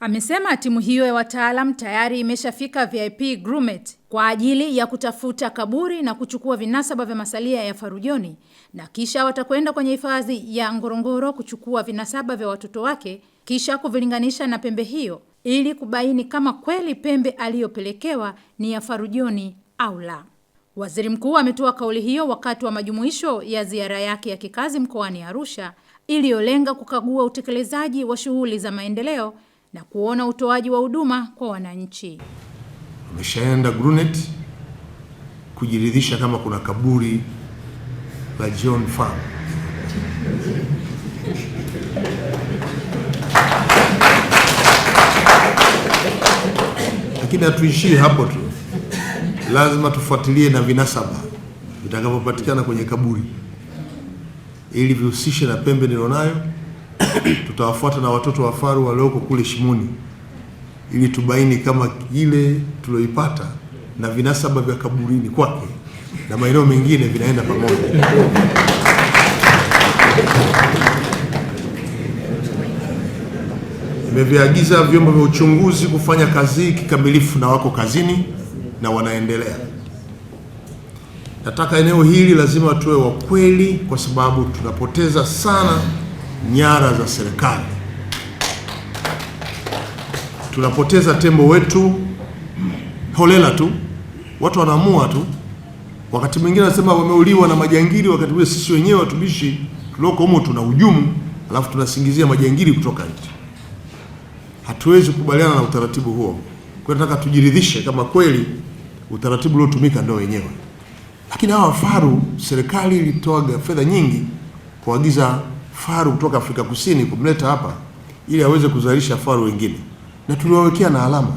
Amesema timu hiyo ya wataalam tayari imeshafika VIP Grumet kwa ajili ya kutafuta kaburi na kuchukua vinasaba vya masalia ya Farujoni na kisha watakwenda kwenye hifadhi ya Ngorongoro kuchukua vinasaba vya watoto wake kisha kuvilinganisha na pembe hiyo ili kubaini kama kweli pembe aliyopelekewa ni ya Farujoni au la. Waziri Mkuu ametoa kauli hiyo wakati wa majumuisho ya ziara yake ya kikazi mkoani Arusha iliyolenga kukagua utekelezaji wa shughuli za maendeleo na kuona utoaji wa huduma kwa wananchi. Ameshaenda Grunet kujiridhisha kama kuna kaburi la John Farm. Lakini hatuishii hapo tu, lazima tufuatilie na vinasaba vitakavyopatikana kwenye kaburi ili vihusishe na pembe nilionayo tutawafuata na watoto wa faru walioko kule Shimoni ili tubaini kama ile tuloipata na vinasaba vya kaburini kwake na maeneo mengine vinaenda pamoja. Nimeviagiza vyombo vya uchunguzi kufanya kazi kikamilifu na wako kazini na wanaendelea. Nataka eneo hili lazima tuwe wa kweli, kwa sababu tunapoteza sana nyara za serikali. Tunapoteza tembo wetu holela tu, watu wanaamua tu. Wakati mwingine anasema wameuliwa na majangili, wakati mwingine sisi wenyewe watumishi tulioko humo tuna ujumu, alafu tunasingizia majangili kutoka nje. Hatuwezi kukubaliana na utaratibu huo, kwa nataka tujiridhishe kama kweli utaratibu uliotumika ndio wenyewe. Lakini hawa faru, serikali ilitoa fedha nyingi kuagiza faru kutoka Afrika Kusini kumleta hapa ili aweze kuzalisha faru wengine, na tuliwawekea na alama.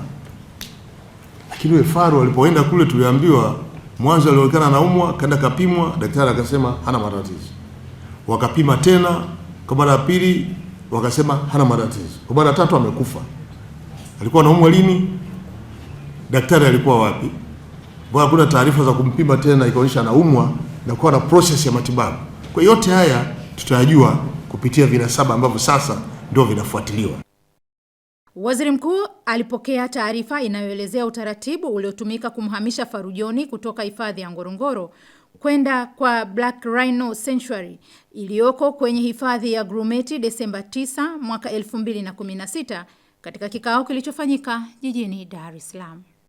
Lakini yule faru alipoenda kule, tuliambiwa mwanzo alionekana anaumwa, kaenda kapimwa, daktari akasema hana matatizo. Wakapima tena kwa mara ya pili, wakasema hana matatizo. Kwa mara ya tatu amekufa. Alikuwa anaumwa lini? Daktari alikuwa wapi? Bwana, kuna taarifa za kumpima tena, ikaonyesha anaumwa na kuwa na process ya matibabu. Kwa yote haya tutajua kupitia vinasaba ambavyo sasa ndio vinafuatiliwa. Waziri Mkuu alipokea taarifa inayoelezea utaratibu uliotumika kumhamisha farujoni kutoka hifadhi ya Ngorongoro kwenda kwa Black Rhino Sanctuary iliyoko kwenye hifadhi ya Grumeti Desemba 9 mwaka 2016 katika kikao kilichofanyika jijini Dar es Salaam.